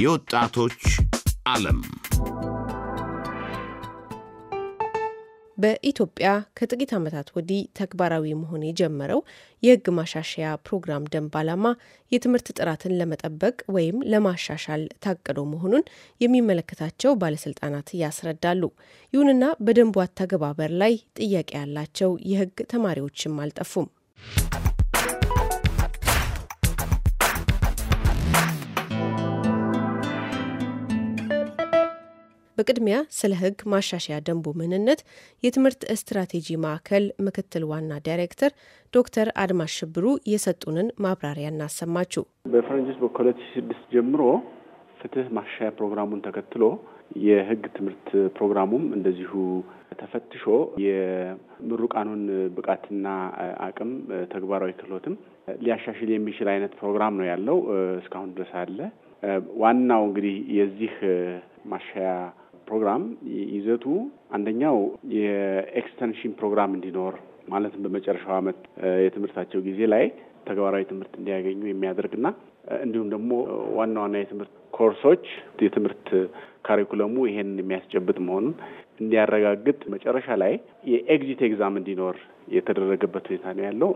የወጣቶች ዓለም በኢትዮጵያ ከጥቂት ዓመታት ወዲህ ተግባራዊ መሆን የጀመረው የሕግ ማሻሻያ ፕሮግራም ደንብ ዓላማ የትምህርት ጥራትን ለመጠበቅ ወይም ለማሻሻል ታቅዶ መሆኑን የሚመለከታቸው ባለስልጣናት ያስረዳሉ። ይሁንና በደንቡ አተገባበር ላይ ጥያቄ ያላቸው የሕግ ተማሪዎችም አልጠፉም። በቅድሚያ ስለ ሕግ ማሻሻያ ደንቡ ምንነት የትምህርት ስትራቴጂ ማዕከል ምክትል ዋና ዳይሬክተር ዶክተር አድማስ ሽብሩ የሰጡንን ማብራሪያ እናሰማችሁ። በፈረንጆች በሁለት ስድስት ጀምሮ ፍትህ ማሻሻያ ፕሮግራሙን ተከትሎ የህግ ትምህርት ፕሮግራሙም እንደዚሁ ተፈትሾ የምሩቃኑን ብቃትና አቅም ተግባራዊ ክህሎትም ሊያሻሽል የሚችል አይነት ፕሮግራም ነው ያለው። እስካሁን ድረስ አለ። ዋናው እንግዲህ የዚህ ማሻያ ፕሮግራም ይዘቱ አንደኛው የኤክስተንሽን ፕሮግራም እንዲኖር ማለትም በመጨረሻው ዓመት የትምህርታቸው ጊዜ ላይ ተግባራዊ ትምህርት እንዲያገኙ የሚያደርግና እንዲሁም ደግሞ ዋና ዋና የትምህርት ኮርሶች የትምህርት ካሪኩለሙ ይሄን የሚያስጨብጥ መሆኑን እንዲያረጋግጥ መጨረሻ ላይ የኤግዚት ኤግዛም እንዲኖር የተደረገበት ሁኔታ ነው ያለው።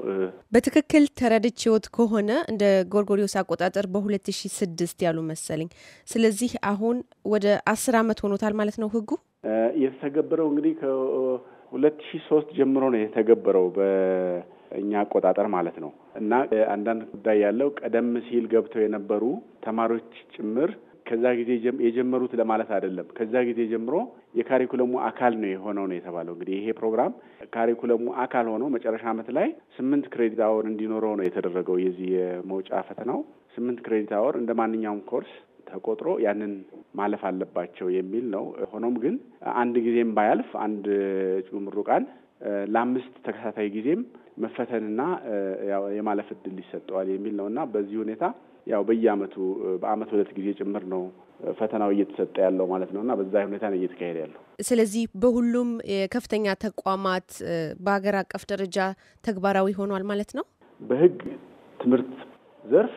በትክክል ተረድች ህይወት ከሆነ እንደ ጎርጎሪዮስ አቆጣጠር በ2006 ያሉ መሰለኝ። ስለዚህ አሁን ወደ አስር አመት ሆኖታል ማለት ነው ህጉ የተተገበረው እንግዲህ ከሁለት ሺ ሶስት ጀምሮ ነው የተገበረው። በ እኛ አቆጣጠር ማለት ነው እና አንዳንድ ጉዳይ ያለው ቀደም ሲል ገብተው የነበሩ ተማሪዎች ጭምር ከዛ ጊዜ የጀመሩት ለማለት አይደለም። ከዛ ጊዜ ጀምሮ የካሪኩለሙ አካል ነው የሆነው ነው የተባለው። እንግዲህ ይሄ ፕሮግራም ካሪኩለሙ አካል ሆኖ መጨረሻ ዓመት ላይ ስምንት ክሬዲት አወር እንዲኖረው ነው የተደረገው። የዚህ የመውጫ ፈተናው ስምንት ክሬዲት አወር እንደ ማንኛውም ኮርስ ተቆጥሮ ያንን ማለፍ አለባቸው የሚል ነው። ሆኖም ግን አንድ ጊዜም ባያልፍ አንድ እጩ ምሩቃን ለአምስት ተከታታይ ጊዜም መፈተንና የማለፍ እድል ይሰጠዋል የሚል ነው እና በዚህ ሁኔታ ያው በየአመቱ በአመት ሁለት ጊዜ ጭምር ነው ፈተናው እየተሰጠ ያለው ማለት ነው እና በዛ ሁኔታ ነው እየተካሄደ ያለው። ስለዚህ በሁሉም የከፍተኛ ተቋማት በሀገር አቀፍ ደረጃ ተግባራዊ ሆኗል ማለት ነው። በህግ ትምህርት ዘርፍ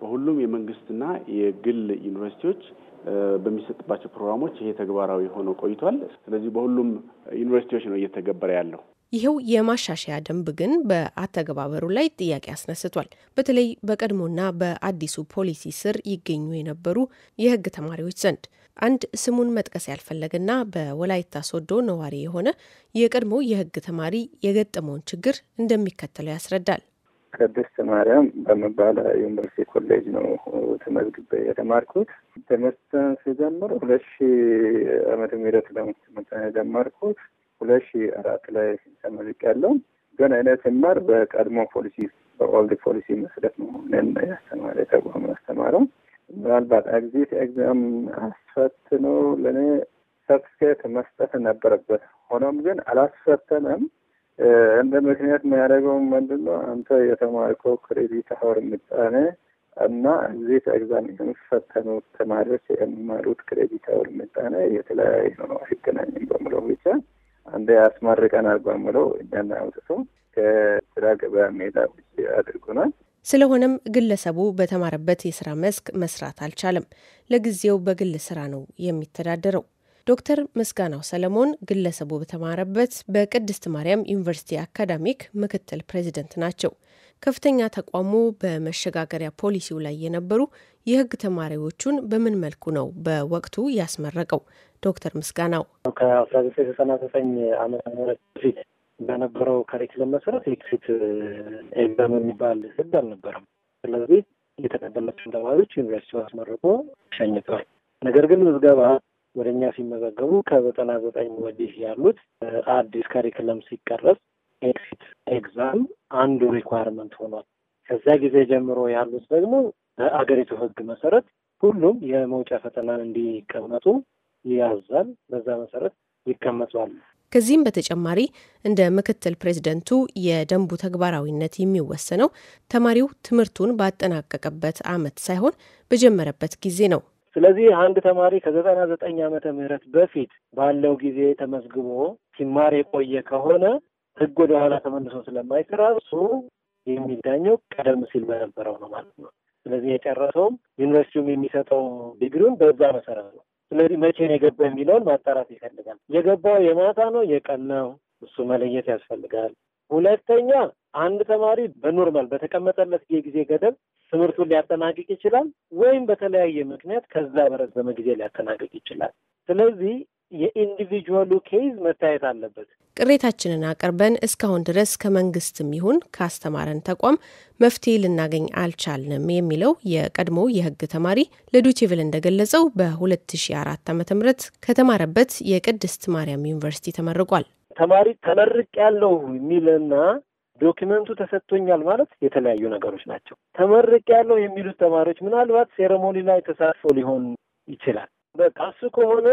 በሁሉም የመንግስትና የግል ዩኒቨርሲቲዎች በሚሰጥባቸው ፕሮግራሞች ይሄ ተግባራዊ ሆኖ ቆይቷል። ስለዚህ በሁሉም ዩኒቨርሲቲዎች ነው እየተገበረ ያለው። ይኸው የማሻሻያ ደንብ ግን በአተገባበሩ ላይ ጥያቄ አስነስቷል። በተለይ በቀድሞና በአዲሱ ፖሊሲ ስር ይገኙ የነበሩ የሕግ ተማሪዎች ዘንድ አንድ ስሙን መጥቀስ ያልፈለገና በወላይታ ሶዶ ነዋሪ የሆነ የቀድሞ የሕግ ተማሪ የገጠመውን ችግር እንደሚከተለው ያስረዳል። ቅድስት ማርያም በመባል ዩኒቨርሲቲ ኮሌጅ ነው ተመዝግቤ የተማርኩት። ትምህርት ስጀምር ሁለት ሺ አመት ምህረት ነው ትምህርት የጀመርኩት። ሁለት ሺ አራት ላይ ያለው ግን እኔ ስማር በቀድሞ ፖሊሲ በኦልድ ፖሊሲ መሰረት ነው እኔን ያስተማረ ተቋም ያስተማረው። ምናልባት ኤግዚት ኤግዛም አስፈትኖ ለእኔ ሰርቲፊኬት መስጠት ነበረበት። ሆኖም ግን አላስፈተነም። እንደ ምክንያት የሚያደርገው ምንድን ነው? አንተ የተማርከው ክሬዲት አወር ምጣኔ እና እዚህ ኤግዛም የሚፈተኑት ተማሪዎች የሚማሩት ክሬዲት አወር ምጣኔ የተለያዩ ነው፣ አይገናኝም በምለው ብቻ አንዴ ያስማርቀናል በምለው እኛና አውጥቶ ከስራ ገበያ ሜዳ ውጭ አድርጎናል። ስለሆነም ግለሰቡ በተማረበት የስራ መስክ መስራት አልቻለም። ለጊዜው በግል ስራ ነው የሚተዳደረው። ዶክተር ምስጋናው ሰለሞን ግለሰቡ በተማረበት በቅድስት ማርያም ዩኒቨርሲቲ አካዳሚክ ምክትል ፕሬዚደንት ናቸው። ከፍተኛ ተቋሙ በመሸጋገሪያ ፖሊሲው ላይ የነበሩ የሕግ ተማሪዎቹን በምን መልኩ ነው በወቅቱ ያስመረቀው? ዶክተር ምስጋናው ከአስራ ዘጠኝ ዘጠና ዘጠኝ ዓመተ ምህረት በፊት በነበረው ካሪክለም መሰረት ኤክሲት ኤግዛም የሚባል ሕግ አልነበረም። ስለዚህ የተቀበላቸው ተማሪዎች ዩኒቨርሲቲው አስመርቆ ሸኝቷል። ነገር ግን ምዝገባ ወደ እኛ ሲመዘገቡ ከዘጠና ዘጠኝ ወዲህ ያሉት አዲስ ከሪክለም ሲቀረጽ ኤግዚት ኤግዛም አንዱ ሪኳርመንት ሆኗል። ከዚያ ጊዜ ጀምሮ ያሉት ደግሞ በአገሪቱ ሕግ መሰረት ሁሉም የመውጫ ፈተናን እንዲቀመጡ ያዛል። በዛ መሰረት ይቀመጧል። ከዚህም በተጨማሪ እንደ ምክትል ፕሬዚደንቱ የደንቡ ተግባራዊነት የሚወሰነው ተማሪው ትምህርቱን ባጠናቀቀበት ዓመት ሳይሆን በጀመረበት ጊዜ ነው። ስለዚህ አንድ ተማሪ ከዘጠና ዘጠኝ ዓመተ ምህረት በፊት ባለው ጊዜ ተመዝግቦ ሲማር የቆየ ከሆነ ህግ ወደ ኋላ ተመልሶ ስለማይሰራ እሱ የሚዳኘው ቀደም ሲል በነበረው ነው ማለት ነው። ስለዚህ የጨረሰውም ዩኒቨርሲቲውም የሚሰጠው ዲግሪውን በዛ መሰረት ነው። ስለዚህ መቼ ነው የገባ የሚለውን ማጣራት ይፈልጋል። የገባው የማታ ነው የቀን ነው፣ እሱ መለየት ያስፈልጋል። ሁለተኛ አንድ ተማሪ በኖርማል በተቀመጠለት የጊዜ ገደብ ትምህርቱን ሊያጠናቅቅ ይችላል፣ ወይም በተለያየ ምክንያት ከዛ በረዘመ ጊዜ ሊያጠናቅቅ ይችላል። ስለዚህ የኢንዲቪጁዋሉ ኬዝ መታየት አለበት። ቅሬታችንን አቅርበን እስካሁን ድረስ ከመንግስትም ይሁን ካስተማረን ተቋም መፍትሄ ልናገኝ አልቻልንም የሚለው የቀድሞ የህግ ተማሪ ለዱቼቪል እንደገለጸው በ2004 ዓ ም ከተማረበት የቅድስት ማርያም ዩኒቨርሲቲ ተመርቋል። ተማሪ ተመርቅ ያለው የሚልና ዶክመንቱ ተሰጥቶኛል ማለት የተለያዩ ነገሮች ናቸው። ተመርቅ ያለው የሚሉት ተማሪዎች ምናልባት ሴረሞኒ ላይ ተሳትፎ ሊሆን ይችላል። በቃ እሱ ከሆነ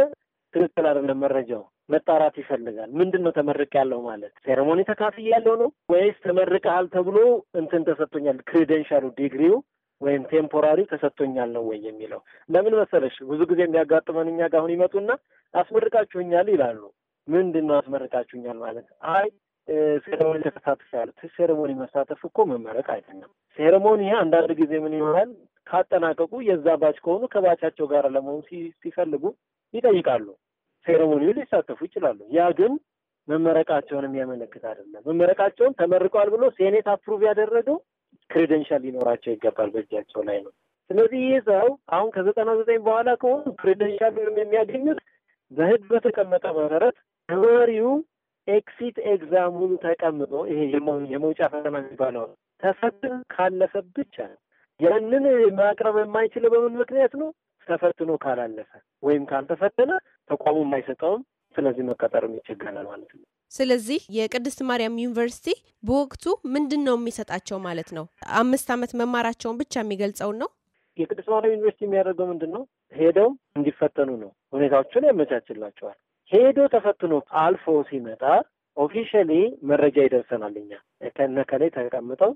ትክክል አይደለም። መረጃው መጣራት ይፈልጋል። ምንድን ነው ተመርቅ ያለው ማለት ሴረሞኒ ተካፍዬ ያለው ነው ወይስ ተመርቀሃል ተብሎ እንትን ተሰጥቶኛል ክሬደንሻሉ ዲግሪው ወይም ቴምፖራሪው ተሰጥቶኛል ነው ወይ የሚለው። ለምን መሰለሽ ብዙ ጊዜ የሚያጋጥመን እኛ ጋር አሁን ይመጡና አስመርቃችሁኛል ይላሉ። ምንድን ነው አስመርቃችሁኛል ማለት አይ ሴሬሞኒ ተከታተፍ ያሉት ሴሬሞኒ መሳተፍ እኮ መመረቅ አይደለም። ሴሬሞኒ አንዳንድ ጊዜ ምን ይሆናል ካጠናቀቁ የዛ ባች ከሆኑ ከባቻቸው ጋር ለመሆን ሲፈልጉ ይጠይቃሉ። ሴሬሞኒው ሊሳተፉ ይችላሉ። ያ ግን መመረቃቸውን የሚያመለክት አይደለም። መመረቃቸውን ተመርቀዋል ብሎ ሴኔት አፕሩቭ ያደረገው ክሬደንሻል ሊኖራቸው ይገባል። በእጃቸው ላይ ነው። ስለዚህ ይህ ሰው አሁን ከዘጠና ዘጠኝ በኋላ ከሆኑ ክሬደንሻል የሚያገኙት በህግ በተቀመጠ መሰረት ተማሪው ኤክሲት ኤግዛሙን ተቀምጦ ይሄ የመውጫ ፈተና የሚባለው ተፈትኖ ካለፈ ብቻ ያንን ማቅረብ የማይችለው በምን ምክንያት ነው? ተፈትኖ ካላለፈ ወይም ካልተፈተነ ተቋሙ የማይሰጠውም። ስለዚህ መቀጠርም ይቸገራል ማለት ነው። ስለዚህ የቅድስት ማርያም ዩኒቨርሲቲ በወቅቱ ምንድን ነው የሚሰጣቸው ማለት ነው? አምስት ዓመት መማራቸውን ብቻ የሚገልጸውን ነው። የቅድስት ማርያም ዩኒቨርሲቲ የሚያደርገው ምንድን ነው? ሄደው እንዲፈተኑ ነው። ሁኔታዎቹን ያመቻችላቸዋል። ሄዶ ተፈትኖ አልፎ ሲመጣ ኦፊሻሊ መረጃ ይደርሰናል። እኛ ከነ ከላይ ተቀምጠው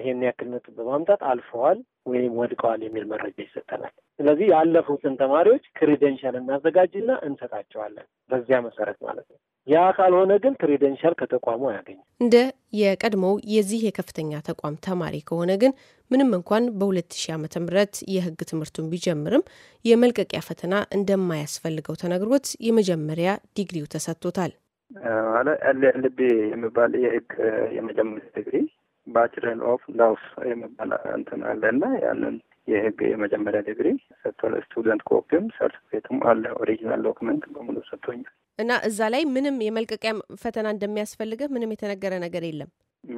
ይሄን ያክል ነጥብ በማምጣት አልፈዋል ወይም ወድቀዋል የሚል መረጃ ይሰጠናል። ስለዚህ ያለፉትን ተማሪዎች ክሪደንሻል እናዘጋጅና እንሰጣቸዋለን። በዚያ መሰረት ማለት ነው። ያ ካልሆነ ግን ክሬደንሻል ከተቋሙ አያገኝም። እንደ የቀድሞው የዚህ የከፍተኛ ተቋም ተማሪ ከሆነ ግን ምንም እንኳን በ2000 ዓ ም የህግ ትምህርቱን ቢጀምርም የመልቀቂያ ፈተና እንደማያስፈልገው ተነግሮት የመጀመሪያ ዲግሪው ተሰጥቶታል። ልቤ የሚባል የህግ የመጀመሪያ ዲግሪ ባችለር ኦፍ ላውስ የሚባል እንትን አለ እና ያንን የህግ የመጀመሪያ ዲግሪ ሰጥቷል። ስቱደንት ኮፒም ሰርቲፊኬትም አለ። ኦሪጂናል ዶክመንት በሙሉ ሰጥቶኛል። እና እዛ ላይ ምንም የመልቀቂያ ፈተና እንደሚያስፈልግህ ምንም የተነገረ ነገር የለም?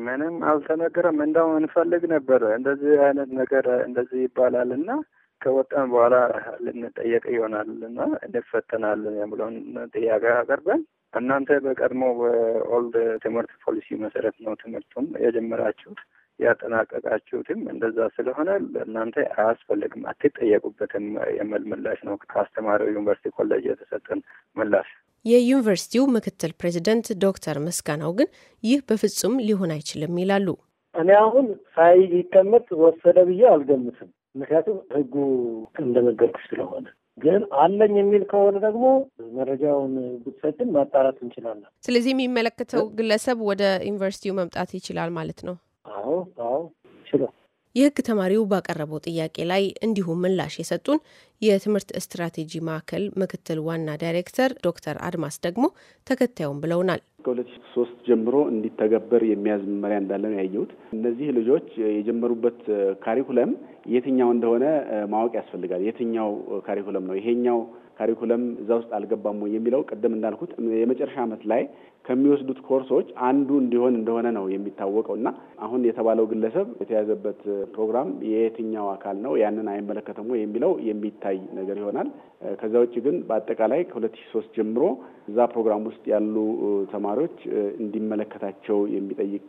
ምንም አልተነገረም። እንዳው እንፈልግ ነበረ እንደዚህ አይነት ነገር እንደዚህ ይባላል እና ከወጣን በኋላ ልንጠየቅ ይሆናል እና እንፈተናለን የምለውን ጥያቄ አቅርበን እናንተ በቀድሞ በኦልድ ትምህርት ፖሊሲ መሰረት ነው ትምህርቱን የጀመራችሁት ያጠናቀቃችሁትም እንደዛ ስለሆነ ለእናንተ አያስፈልግም፣ አትጠየቁበትም የሚል ምላሽ ነው ከአስተማሪው ዩኒቨርሲቲ ኮሌጅ የተሰጠን ምላሽ። የዩኒቨርሲቲው ምክትል ፕሬዚደንት ዶክተር መስጋናው ግን ይህ በፍጹም ሊሆን አይችልም ይላሉ። እኔ አሁን ሊቀመጥ ወሰደ ብዬ አልገምትም። ምክንያቱም ህጉ እንደመገርኩ ስለሆነ ግን አለኝ የሚል ከሆነ ደግሞ መረጃውን ብትሰጥን ማጣራት እንችላለን። ስለዚህ የሚመለከተው ግለሰብ ወደ ዩኒቨርሲቲው መምጣት ይችላል ማለት ነው። አዎ አዎ የህግ ተማሪው ባቀረበው ጥያቄ ላይ እንዲሁም ምላሽ የሰጡን የትምህርት ስትራቴጂ ማዕከል ምክትል ዋና ዳይሬክተር ዶክተር አድማስ ደግሞ ተከታዩም ብለውናል። ከሁለት ሺህ ሶስት ጀምሮ እንዲተገበር የሚያዝ መመሪያ እንዳለ ነው ያየሁት። እነዚህ ልጆች የጀመሩበት ካሪኩለም የትኛው እንደሆነ ማወቅ ያስፈልጋል። የትኛው ካሪኩለም ነው ይሄኛው ካሪኩለም እዛ ውስጥ አልገባም ወይ የሚለው ቅድም እንዳልኩት የመጨረሻ ዓመት ላይ ከሚወስዱት ኮርሶች አንዱ እንዲሆን እንደሆነ ነው የሚታወቀው እና አሁን የተባለው ግለሰብ የተያዘበት ፕሮግራም የየትኛው አካል ነው ያንን አይመለከተም ወይ የሚለው የሚታይ ነገር ይሆናል። ከዛ ውጭ ግን በአጠቃላይ ከሁለት ሺ ሶስት ጀምሮ እዛ ፕሮግራም ውስጥ ያሉ ተማሪዎች እንዲመለከታቸው የሚጠይቅ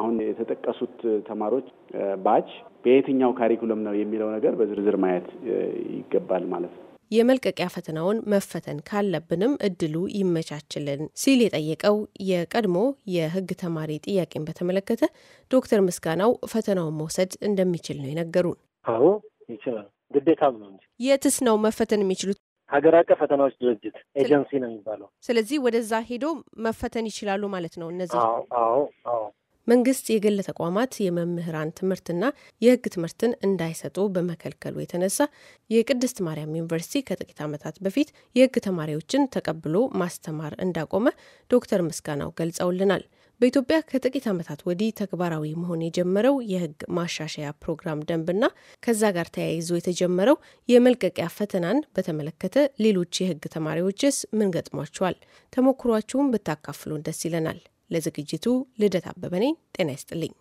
አሁን የተጠቀሱት ተማሪዎች ባች በየትኛው ካሪኩለም ነው የሚለው ነገር በዝርዝር ማየት ይገባል ማለት ነው። የመልቀቂያ ፈተናውን መፈተን ካለብንም እድሉ ይመቻችልን ሲል የጠየቀው የቀድሞ የህግ ተማሪ ጥያቄን በተመለከተ ዶክተር ምስጋናው ፈተናውን መውሰድ እንደሚችል ነው የነገሩን። አዎ ይችላል፣ ግዴታም ነው እንጂ። የትስ ነው መፈተን የሚችሉት? ሀገር አቀፍ ፈተናዎች ድርጅት ኤጀንሲ ነው የሚባለው። ስለዚህ ወደዛ ሄዶ መፈተን ይችላሉ ማለት ነው እነዚህ። አዎ አዎ መንግስት የግል ተቋማት የመምህራን ትምህርትና የህግ ትምህርትን እንዳይሰጡ በመከልከሉ የተነሳ የቅድስት ማርያም ዩኒቨርሲቲ ከጥቂት ዓመታት በፊት የህግ ተማሪዎችን ተቀብሎ ማስተማር እንዳቆመ ዶክተር ምስጋናው ገልጸውልናል። በኢትዮጵያ ከጥቂት ዓመታት ወዲህ ተግባራዊ መሆን የጀመረው የህግ ማሻሻያ ፕሮግራም ደንብና ከዛ ጋር ተያይዞ የተጀመረው የመልቀቂያ ፈተናን በተመለከተ ሌሎች የህግ ተማሪዎችስ ምን ገጥሟቸዋል? ተሞክሯችሁም ብታካፍሉን ደስ ይለናል። ለዝግጅቱ ልደት አበበ ነኝ። ጤና ይስጥልኝ።